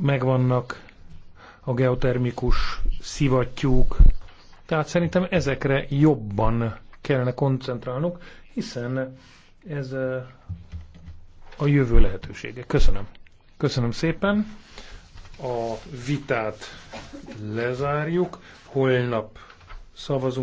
megvannak a geotermikus szivattyúk, tehát szerintem ezekre jobban kellene koncentrálnunk, hiszen ez eh, a jövő lehetősége. Köszönöm. Köszönöm szépen. A vitát lezárjuk. Holnap szavazunk.